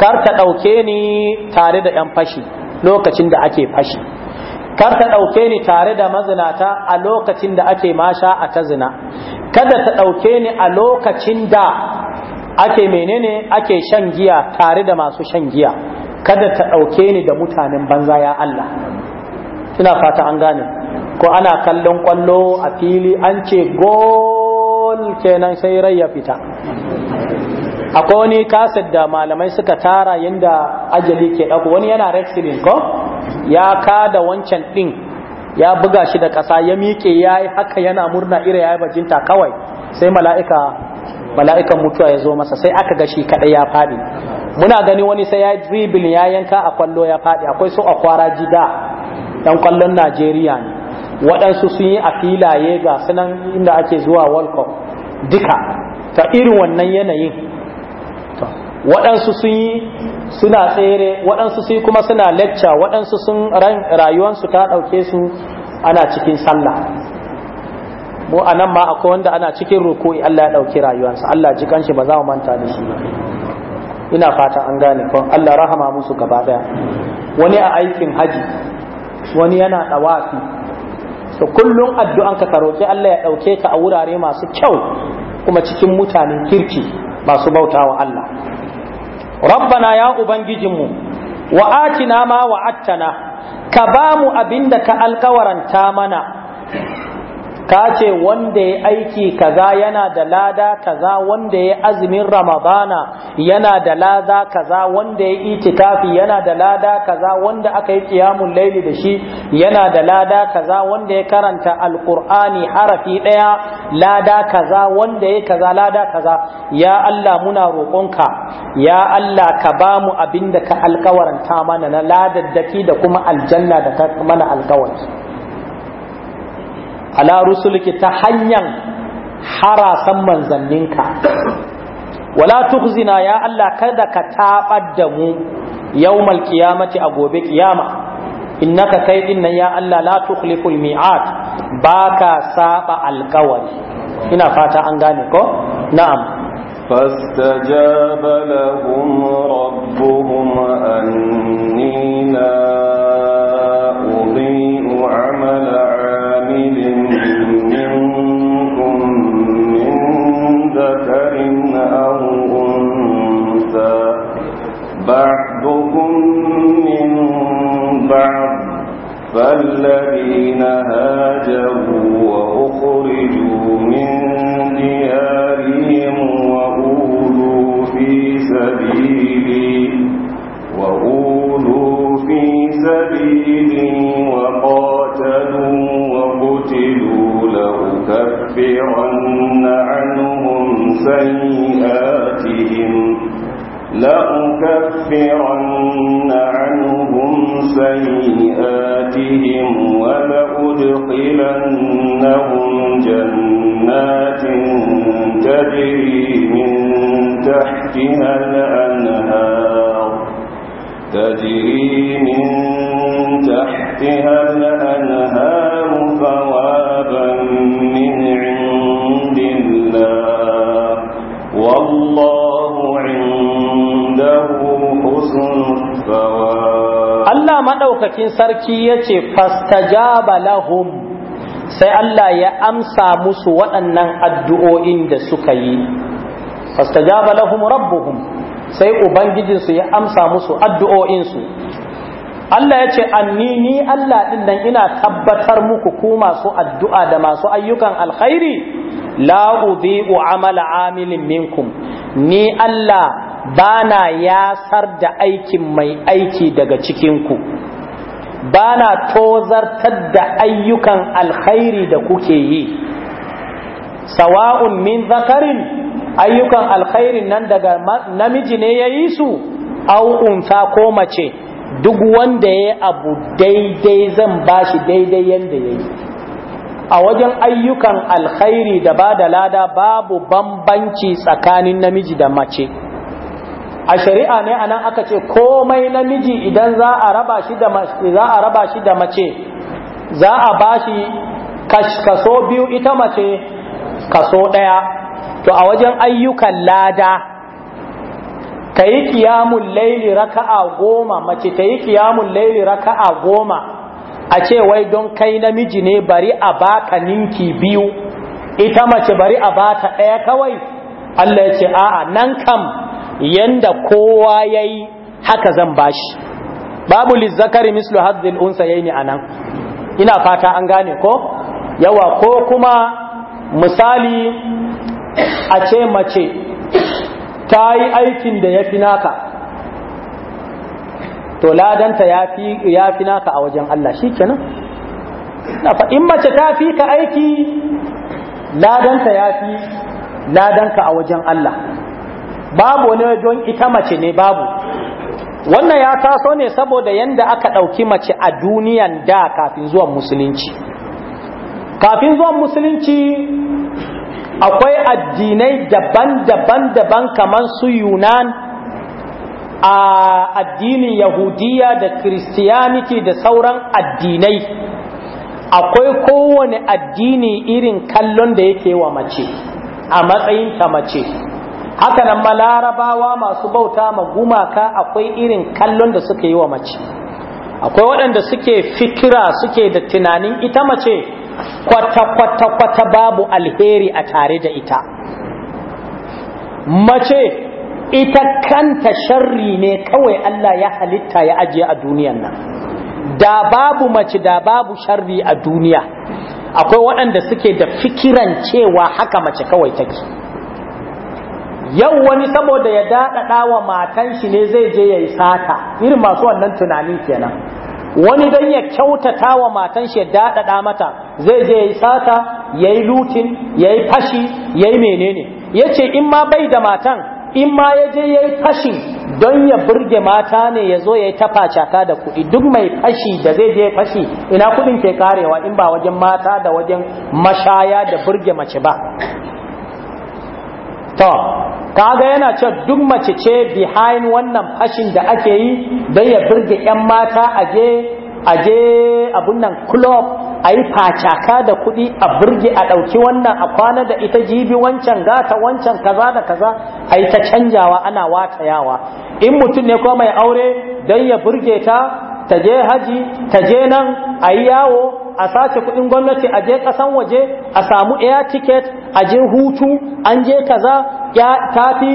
Speaker 1: kar ta ɗauke ni tare da ‘yan fashi lokacin da ake fashi kar ta ɗauke ni tare da mazinata a lokacin da ake masha a ta zina kada ta ɗauke ni a lokacin da ake menene ake shan giya tare da masu shan giya kada ta ɗauke ni da mutanen banza ya Allah ina fata an gane ko ana kallon kwallo a fili an ce gol kenan sai rai ya fita akwai wani kaset da malamai suka tara yadda ajali ke ɗauko wani yana wrestling ko ya da wancan ɗin ya buga shi da ƙasa ya miƙe ya yi haka yana murna iri ya yi bajinta kawai sai mala'ika mala'ikan mutuwa ya zo masa sai aka ga shi kaɗai ya faɗi muna gani wani sai ya yi dribbling ya yanka a kwallo ya faɗi akwai su a kwara jida ɗan kwallon najeriya ne waɗansu sun yi a filaye ga sunan inda ake zuwa world cup duka ta irin wannan yanayin waɗansu sun yi suna tsere waɗansu sun kuma suna lecca waɗansu sun rayuwansu ta ɗauke su ana cikin sallah mu a nan ma akwai wanda ana cikin rukui Allah ya ɗauki rayuwansa Allah ji kanshi ba za mu manta da shi ina fata an gane kon Allah rahama musu gaba daya wani a aikin haji wani yana ɗawafi to kullum addu'an ka roƙi Allah ya ɗauke ka a wurare masu kyau kuma cikin mutanen kirki masu bautawa Allah rabbana ya ubangijinmu wa atina ma wa'attana ka ba mu abinda ka alkawaranta mana ka ce wanda ya aiki kaza yana da lada kaza wanda ya azumin ramadana yana da lada kaza wanda ya itikafi yana da lada kaza wanda aka yi kiyamun laili da shi yana da lada kaza wanda ya karanta alkur'ani harafi daya lada kaza wanda ya kaza lada kaza ya Allah muna roƙonka ya Allah ka ba mu abin da ka alkawaranta mana na ladaddaki da kuma aljanna da ka mana alkawari ala sulki ta hanyar harasan manzanninka wala tukzina ya Allah kada ka tabar da mu yawmal qiyamati a gobe kiyama innaka kai din nan ya Allah la tukhliful mi'at baka saba alqawari ina fata an
Speaker 2: gane ko na'am فاستجاب لهم ربهم أني فالذين هاجروا وأخرجوا من ديارهم وأولوا في سبيلي وأولوا في سبيلي وقاتلوا وقتلوا لأكفرن عنهم سيئات لأكفرن عنهم سيئاتهم ولأدخلنهم جنات تجري من تحتها الأنهار تجري من تحتها الأنهار ثوابا
Speaker 1: Allah maɗaukakin sarki ya ce fastajaba lahum sai Allah ya amsa musu waɗannan addu'o'in da suka yi fastajaba lahum rabbuhum sai ubangijinsu ya amsa musu addu'o'insu Allah ya ce anni ni Allah ɗin nan ina tabbatar muku ku masu addu'a da masu ayyukan alkhairi la udhi'u amala amilin minkum ni Allah bana yasar da aikin mai aiki daga cikinku bana tozartar da ayyukan alkhairi da kuke yi sawa'un min zakarin ayyukan alkhairi nan daga namiji ne ya yi su au ko mace duk wanda ya abu daidai zan ba shi daidai yanda ya yi a wajen ayyukan alkhairi da ba da lada babu bambanci tsakanin namiji da mace a shari'a ne anan aka ce komai namiji idan za a raba shi da za a raba shi da mace za a bashi kaso biyu ita mace kaso daya. to a wajen ayyukan lada tayi yi kiyamun laili raka'a goma mace tayi yi kiyamun laili raka'a goma a ce wai don kai namiji ne bari a baka ninki biyu ita mace bari a bata ɗaya kawai Allah ya ce a'a nan kam yanda kowa yayi haka zan bashi babu lizzakari mislu hadzil unsa yayi anan ina fata an gane ko yawa ko kuma misali a ce mace ta yi aikin da ya fi naka to ladanta ya fi naka a wajen Allah shi kenan in mace ta fi ka aiki ladanta ya fi ladanka a wajen Allah babu wani don ita mace ne babu wannan ya taso ne saboda yanda aka ɗauki mace a duniyan da kafin zuwan musulunci kafin zuwan musulunci akwai addinai daban-daban daban kamar su yunan a addinin yahudiya da Kristiyaniti da sauran addinai akwai kowane addini irin kallon da yake wa mace a matsayin ta mace haka nan malarabawa masu bauta ma gumaka akwai irin kallon da suka yi wa mace akwai waɗanda suke fikira suke da tunanin ita mace kwata-kwata-kwata babu alheri a tare da ita mace ita kanta sharri ne kawai Allah ya halitta ya ajiye a duniyan nan da babu mace da babu sharri a duniya akwai waɗanda suke da fikiran cewa haka mace kawai take yau wani saboda ya daɗaɗa wa matan shi ne zai je ya yi sata irin masu wannan tunanin kenan wani don ya kyautata wa matan shi ya daɗaɗa mata zai je ya yi sata ya yi lutin ya yi fashi ya yi menene ya ce in ma bai da matan in ma ya je ya yi fashi don ya burge mata ne ya zo ya yi tafacaka da kuɗi duk mai fashi da zai je fashi ina kuɗin ke karewa in ba wajen mata da wajen mashaya da burge mace ba kaga yana ce duk mace ce behind wannan fashin da ake yi don ya birge 'yan mata aje aje abun nan club a yi facaka da kuɗi a birge a ɗauki wannan a kwana da ita jibi wancan gata wancan kaza da kaza a yi ta canjawa ana watayawa in mutum ne kuma mai aure don ya birge ta ta je haji ta je nan a yi yawo a sace kuɗin gwamnati a je ƙasan waje a samu air ticket a je hutu an je kaza ya tafi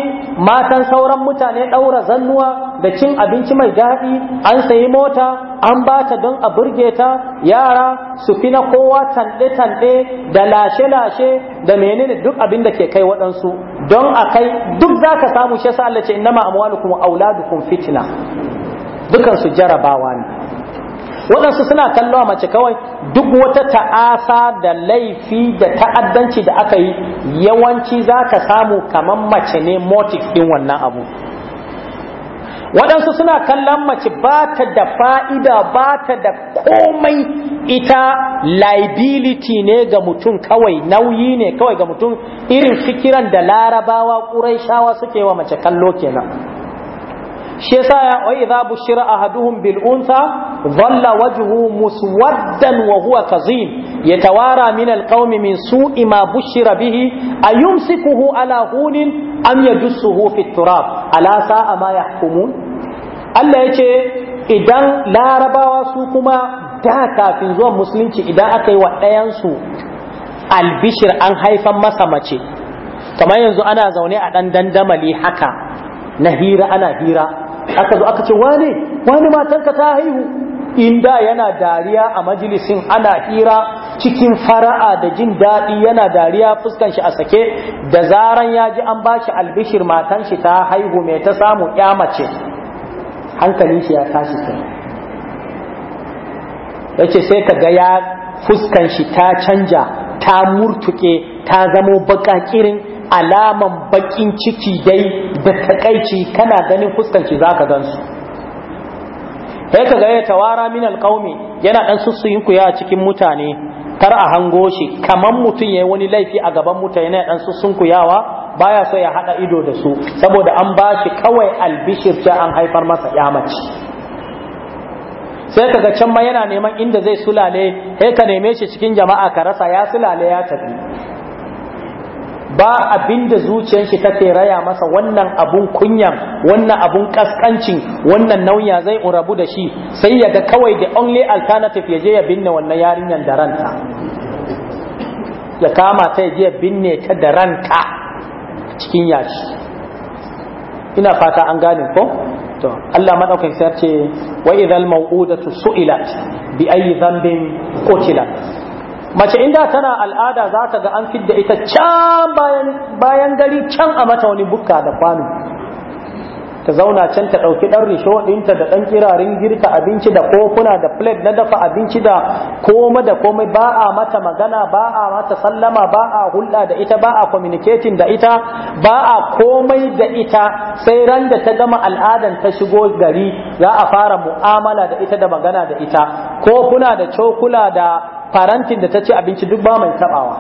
Speaker 1: matan sauran mutane ɗaura zannuwa da cin abinci mai daɗi an sayi mota an bata don a burge ta yara su fi na kowa tanɗe-tanɗe da lashe-lashe da menene duk abin da ke kai waɗansu don a kai duk za ka samu shi sa Allah ce innama amwalukum auladukum fitna dukansu jarabawa ne waɗansu suna kallo mace kawai duk wata ta'asa da laifi da ta'addanci da aka yi yawanci za ka samu kamar mace ne motif ɗin wannan abu waɗansu suna kallon mace ba ta da fa'ida ba ta da komai ita liability ne ga mutum kawai nauyi ne kawai ga mutum irin fikiran da larabawa ƙurai shawa suke wa mace kallo kenan shi yasa ya wai za bushira ahaduhum bil unsa zalla wajhu muswaddan wa huwa kazim tawara min al qaumi min su'i ma bushira bihi ayumsikuhu ala hunin am yadussuhu fi turab ala sa'a ma yahkumun Allah yace idan larabawa su kuma da kafin zuwan musulunci idan aka yi wa ɗayansu albishir an haifan masa mace kamar yanzu ana zaune a ɗan dandamali haka na hira ana hira aka zo aka ce wane wani matanka ta haihu inda yana dariya a majalisin ana hira cikin fara'a da jin daɗi yana dariya fuskan shi a sake da zaran ya ji an bashi albishir matan shi ta haihu mai ta samu ya mace hankalin shi ya tashi kai yace sai ka ga ya fuskan shi ta canja ta murtuke ta zamo baka kirin alaman bakin ciki dai da takaici kana ganin fuskanci za ka gansu sai ka ga ya tawara min alƙaumi yana ɗan sussuyin ku ya cikin mutane kar a hango shi kamar mutum ya yi wani laifi a gaban mutane yana ɗan sussun ku yawa baya so ya haɗa ido da su saboda an ba shi kawai albishir an haifar masa yamaci sai ka ga can ma yana neman inda zai sulale sai ka neme shi cikin jama'a ka rasa ya sulale ya tafi ba abinda zuciyar shi take raya masa wannan abun kunyan wannan abun kaskancin wannan nauya zai urabu da shi sai ya ga kawai the only alternative ya je ya binne wannan yarinyar da ranta ya kama ta ya je ya binne ta da ranta cikin yashi ina fata an gane ko to Allah madaukakin sai ce wa idhal mau'udatu su'ilat bi ayi dhanbin qutilat mace inda tana al'ada za ka ga an da ita can bayan gari can a mata wani bukka da kwano ta zauna can ta ɗauki ɗan risho ɗinta da ɗan kirarin girka abinci da kofuna da plate na dafa abinci da koma da komai ba a mata magana ba a mata sallama ba a hulɗa da ita ba a communicating da ita ba a komai da ita sai ran da ta gama al'adan ta shigo gari za a fara mu'amala da ita da magana da ita kofuna da cokula da farantin da ta ci abinci duk ba mai taɓawa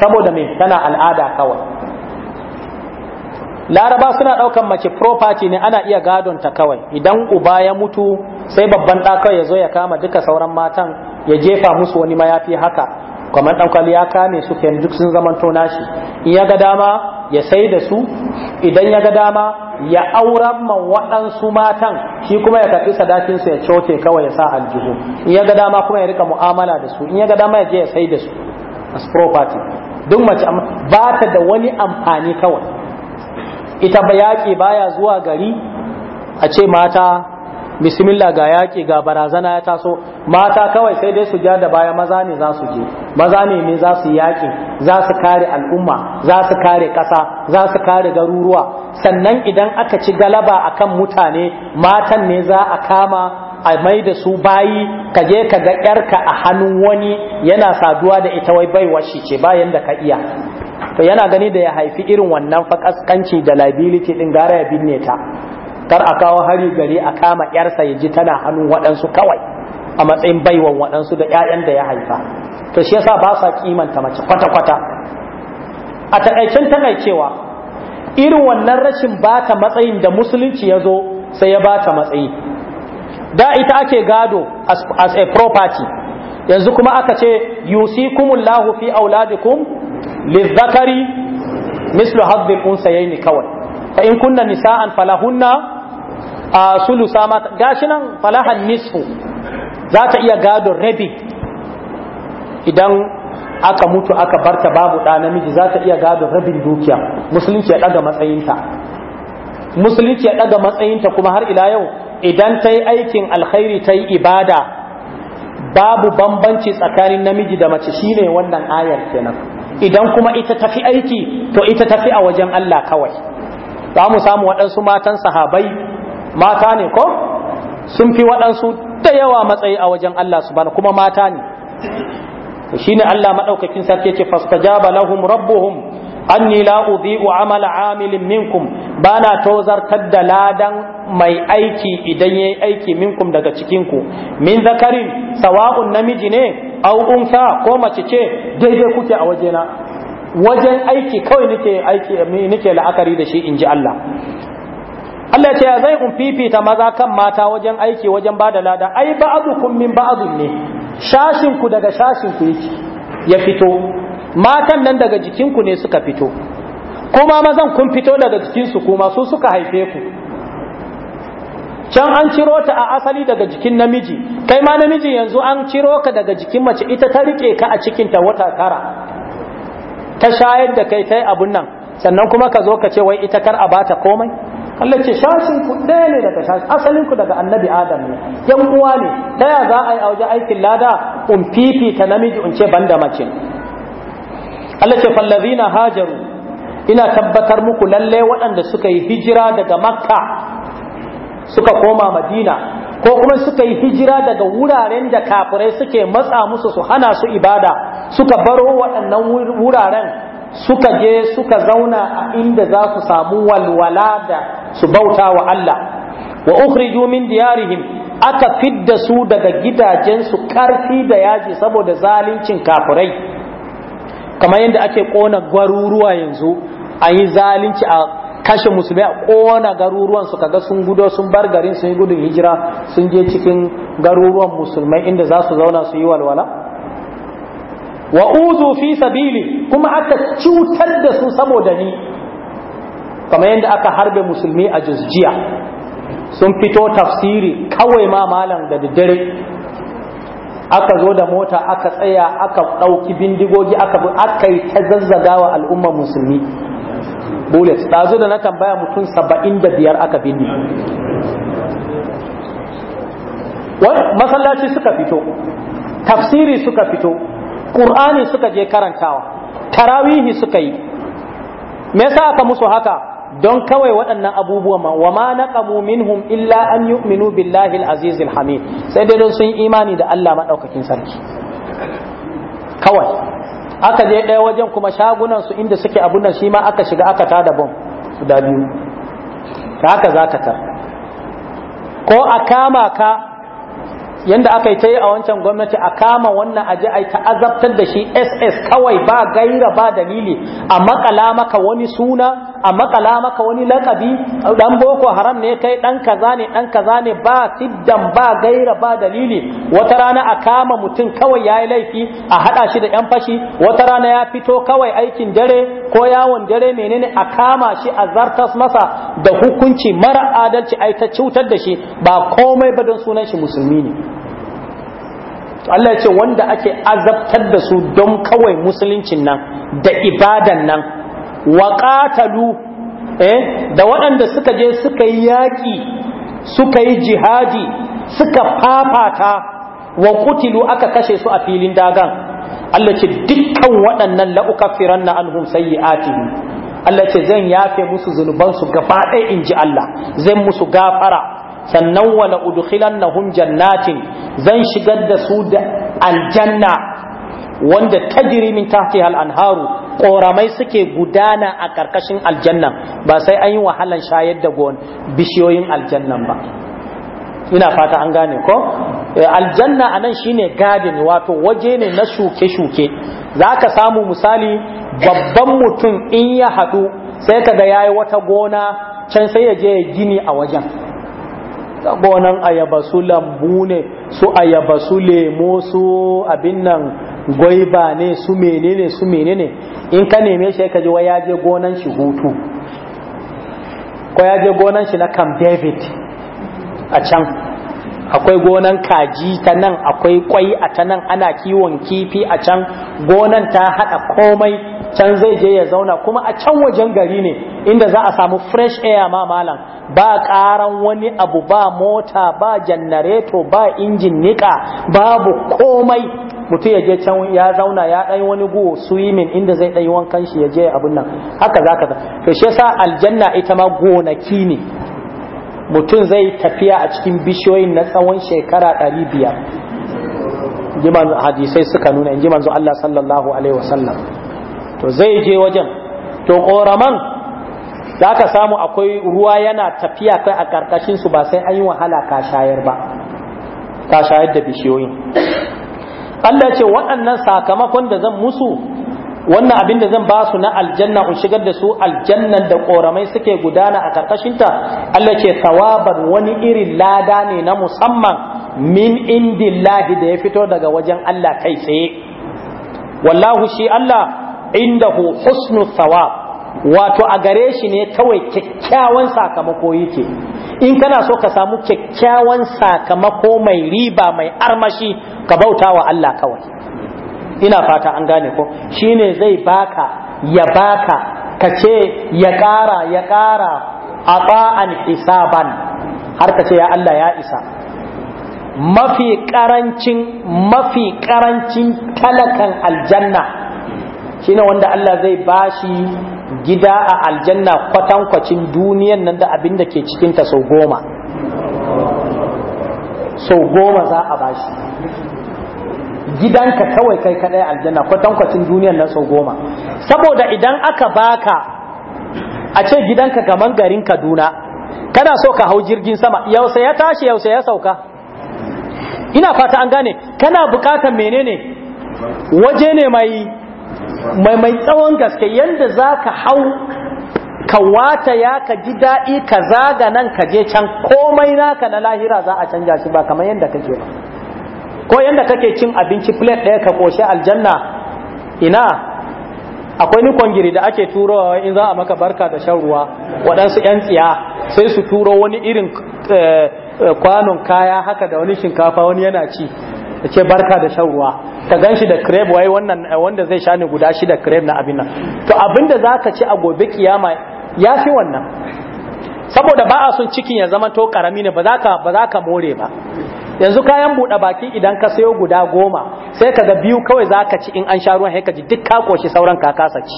Speaker 1: saboda mai tana al'ada kawai laraba suna daukan mace property ne ana iya gadon ta kawai idan uba ya mutu sai babban ɗakar ya zo ya kama duka sauran matan ya jefa musu wani mayafi haka kamar ɗaukali ya kame su kenan duk sun zamanto nashi in ya ga dama ya sai da su idan ya ga dama ya auren man waɗansu matan shi kuma ya karɓi sadakinsu ya coke kawai ya sa aljihu in ya ga dama kuma ya rika mu'amala da su in ya ga dama ya je ya sai da su as property duk mace ba ta da wani amfani kawai ita ba yaƙi baya zuwa gari a ce mata bismillah ga yaƙi ga barazana ya taso mata kawai sai dai su ja da baya maza ne za su je maza ne ne za su yaƙi za su kare al'umma za su kare ƙasa za su kare garuruwa sannan idan aka ci galaba akan mutane matan ne za a kama a mai da su bayi ka je ka ga yarka a hannun wani yana saduwa da ita wai bai washi ce bayan da ka iya to yana gani da ya haifi irin wannan fakaskanci da liability din gara ya binne ta kar a kawo hari gari a kama yarsa ya ji tana hannun waɗansu kawai a matsayin baiwan waɗansu da ƴaƴan da ya haifa to shi yasa ba sa kimanta mace kwata-kwata a takaicen takaicewa irin wannan rashin ba ta matsayin da musulunci ya zo sai ya ba ta matsayi da ita ake gado as, a property yanzu kuma aka ce yusikumullahu fi auladikum lizzakari mislu hadhil unsayaini kawai fa in kunna nisaan falahunna a sulusa mata gashi nan falahan nisfu za ta iya gado rabi idan aka mutu aka barta babu ɗa namiji za ta iya gado rabin dukiya musulunci ya ɗaga matsayinta musulunci ya ɗaga matsayinta kuma har ila yau idan ta yi aikin alkhairi ta yi ibada babu bambanci tsakanin namiji da mace shine wannan ayar kenan idan kuma ita tafi aiki to ita tafi a wajen Allah kawai za mu samu waɗansu matan sahabai mata ne ko sun fi waɗansu da yawa matsayi a wajen Allah su bane kuma mata ne Shi ne Allah maɗaukakin sarki yake fastajaba lahum rabbuhum anni la udhi'u amala amilin minkum bana tozartar da ladan mai aiki idan yayi aiki minkum daga cikin ku min zakarin sawa'un namiji ne au unsa ko mace ce daidai kuke a wajena wajen aiki kawai nake aiki nake la'akari da shi in ji Allah Allah ce zai in fifita maza kan mata wajen aiki wajen bada lada ai ba'dukum min ba'dun ne shashin ku daga shashin ku yake ya fito matan nan daga jikin ku ne suka fito kuma mazan kun fito daga jikin su kuma su suka haife ku can an ciro ta a asali daga jikin namiji kai ma namiji yanzu an ciro ka daga jikin mace ita ta rike ka a cikin ta wata kara ta shayar da kai tai abun nan sannan kuma ka zo ka ce wai ita kar a bata komai Allah ce shashin ku ɗaya ne daga shashin asalin ku daga annabi adam ne yan uwa ne ta za a yi auje aikin lada un ta namiji un ce banda mace Allah ce fallazina hajaru ina tabbatar muku lalle waɗanda suka yi hijira daga makka suka koma madina ko kuma suka yi hijira daga wuraren da kafirai suke matsa musu su hana su ibada suka baro waɗannan wuraren suka je suka zauna a inda za su samu walwala da su bauta wa Allah wa ukhriju min diyarihim aka fidda su daga gidajensu karfi da yaji saboda zalincin kafirai kamar yadda ake kona garuruwa yanzu a yi zalunci a kashe musulmai a kona garuruwan su kaga sun gudo sun bar garin sun yi gudun hijira sun je cikin garuruwan musulmai inda za su zauna su yi walwala wa uzu fi sabili kuma aka cutar da su saboda ni kamar yadda aka harbe musulmi a jizjiya sun fito tafsiri kawai ma malam da daddare aka zo da mota aka tsaya aka ɗauki bindigogi aka yi ta zazzagawa al'ummar musulmi bullet ɗazu da na tambaya mutum saba'in da biyar aka binne masallaci suka fito tafsiri suka fito ƙur'ani suka je karantawa tarawihi suka yi me yasa aka musu haka don kawai waɗannan abubuwan ma wa ma naqamu minhum illa an yu'minu billahi al-aziz hamid sai dai don sun imani da Allah madaukakin sarki kawai aka je ɗaya wajen kuma shagunan su inda suke abun nan shi ma aka shiga aka tada bom da biyu ka haka zaka tar ko a kama ka yanda aka yi ta yi a wancan gwamnati a kama wannan aji a ta azabtar da shi ss kawai ba gaira ba dalili a makala maka wani suna a makala maka wani lakabi dan boko haram ne kai dan kaza ne dan kaza ne ba siddan ba gaira ba dalili wata rana a kama mutum kawai yayi laifi a hada shi da yan fashi wata rana ya fito kawai aikin dare ko yawon dare menene a kama shi a zartas masa da hukunci mara adalci ai ta cutar da shi ba komai ba don sunan shi musulmi ne Allah ya ce wanda ake azabtar da su don kawai musuluncin nan da ibadan nan wa qatalu eh da waɗanda suka je suka yi yaƙi suka yi jihadi suka fafata wa kutilu aka kashe su a filin dagan Allah ce dukkan waɗannan la'ukafiran na anhum sayyi'atihim Allah ce zan yafe musu zunubansu gaba ɗaya in ji Allah zan musu gafara sannan wala udkhilannahum jannatin zan shigar da su da aljanna wanda tajri min hal anharu koramai suke gudana a karkashin aljanna ba sai an yi wahalan shayar da gon bishiyoyin aljannan ba ina fata an gane ko eh, aljanna anan shine garden wato waje ne na shuke-shuke zaka samu misali babban mutum in ya haɗu sai ka kaga yayi wata gona can sai ya je gini a wajen gonan ayaba su lambu ne su ayaba su lemo su abin nan gwaiba ne su menene su menene in ka neme shi ka ji waya je gonan shi hutu ko ya je gonan shi na Camp David a can akwai gonan kaji ta nan akwai kwai a ta nan ana kiwon kifi a can gonan ta hada komai can zai je ya zauna kuma a can wajen gari ne inda za a samu fresh air ma malam ba karan wani abu ba mota ba janareto ba injin nika babu komai mutum ya je can ya zauna ya ɗan wani guwo swimming inda zai ɗan wankan shi ya je abin nan haka za ka to shi yasa aljanna ita ma gonaki ne mutum zai tafiya a cikin bishiyoyin na tsawon shekara ɗari biyar hadisai suka nuna in ji manzo Allah sallallahu alaihi wasallam to zai je wajen to ƙoraman za ka samu akwai ruwa yana tafiya kai a ƙarƙashinsu ba sai an yi wahala ka shayar ba ka shayar da bishiyoyin Allah ce waɗannan sakamakon da zan musu wannan abin da zan ba su na aljanna in shigar da su aljannan da ƙoramai suke gudana a ƙarƙashinta Allah ce tawaban wani irin lada ne na musamman min indillahi da ya fito daga wajen Allah kai tsaye wallahu shi Allah hu husnu thawab wato a gare shi ne kawai kyakkyawan sakamako yake in kana so ka samu kyakkyawan sakamako mai riba mai armashi ka bauta wa Allah kawai ina fata an gane ko shine zai baka ya baka ka ya ƙara ya ƙara a ba'an hisaban har ka ya Allah ya isa mafi ƙarancin mafi ƙarancin talakan aljanna shine wanda Allah zai bashi gida a aljanna kwatankwacin duniyan nan da abin da ke cikinta sau goma sau goma za a bashi gidanka kawai kai kadai aljanna kwatankwacin duniyan nan sau goma saboda idan aka baka a ce gidanka gaman garin kaduna kana so ka hau jirgin sama yau sai ya tashi yau sai ya sauka ina fata an gane kana bukatar menene waje ne mai mai mai tsawon gaske yadda za ka hau kawata ya ka ji daɗi ka zaga nan ka je can komai naka na lahira za a canja shi ba kamar yadda kake ba ko yadda kake cin abinci plate ɗaya ka ƙoshe aljanna ina akwai nukon giri da ake turowa in za a maka barka da shan ruwa waɗansu 'yan tsiya sai su turo wani irin eh, eh, kwanon kaya haka da wani shinkafa wani yana ci da ce barka da shan ruwa ka gan shi da crepe, wai wannan eh, wanda zai sha ni guda shi da crepe na abin nan to abinda za ka ci a gobe kiyama ya fi wannan saboda ba a son cikin ya zama to karami ne ba za ka ba za ka more ba yanzu kayan buɗe baki idan ka sayo guda goma sai ka ga biyu kawai za ka ci in an sha ruwan sai ka ji duk ka koshi sauran ka kasa ci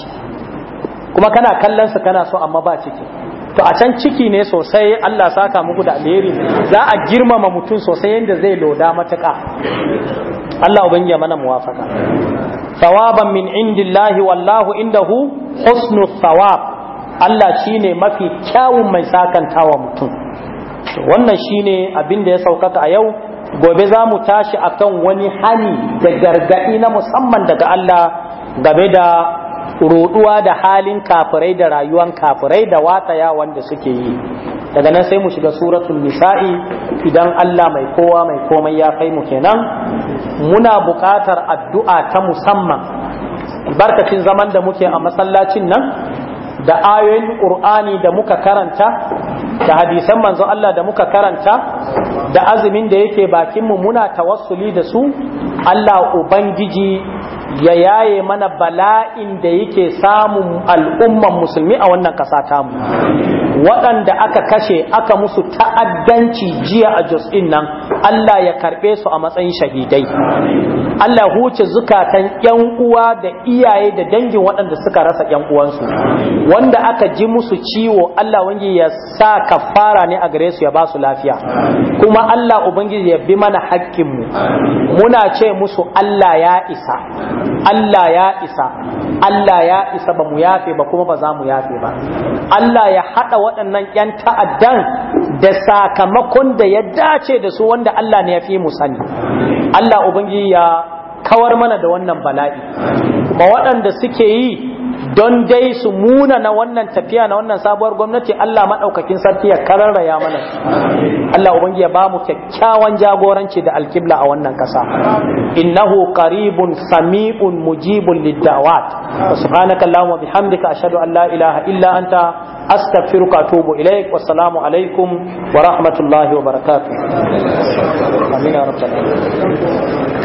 Speaker 1: kuma kana kallon su kana so amma ba ciki to a can ciki ne sosai Allah saka muku da alheri za a girmama mutum sosai yadda zai loda matuƙa Allah ubangiya mana muwafaka sawaban min indillahi wallahu indahu husnu sawab Allah shine mafi kyawun mai sakantawa mutum wannan shine abin da ya saukaka a yau gobe za mu tashi akan wani hani da gargaɗi na musamman daga Allah game da roduwa da halin kafirai da rayuwan kafirai da wataya wanda suke yi daga nan sai mu shiga suratul nisa'i idan Allah mai kowa mai komai ya kai mu kenan muna buƙatar addu'a ta musamman barkacin zaman da muke a masallacin nan da ayoyin qur'ani da muka karanta da hadisan manzon Allah da muka karanta da azumin da yake bakin mu muna tawassuli da su Allah ubangiji ya yaye mana bala'in da yake samun al'umman musulmi a wannan ƙasa tamu waɗanda aka kashe aka musu ta'addanci jiya a Jos ɗin nan Allah ya karɓe su a matsayin shahidai Allah huce zukatan ƴan uwa da iyaye da dangin waɗanda suka rasa ƴan uwansu wanda aka ji musu ciwo Allah wangi ya sa kafara ne a gare su ya ba su lafiya kuma Allah ubangiji ya bi mana haƙƙin mu muna ce musu Allah ya isa Allah ya isa Allah ya isa ba mu yafe ba kuma ba za mu yafe ba Allah ya haɗa waɗannan 'yan ta'addan da sakamakon da ya dace da su wanda Allah ne ya fi mu sani Allah ubangiji ya kawar mana da wannan bala'i ba waɗanda suke yi don dai su muna na wannan tafiya na wannan sabuwar gwamnati Allah maɗaukakin sarki ya kararraya mana Allah ubangi ya ba mu kyakkyawan jagoranci da alkibla a wannan ƙasa innahu qaribun sami'un mujibun lidda'awat subhanaka allahumma bihamdika ashhadu an la ilaha illa anta astaghfiruka wa atubu ilaik wassalamu alaikum wa rahmatullahi wa barakatuh amin ya rabbal alamin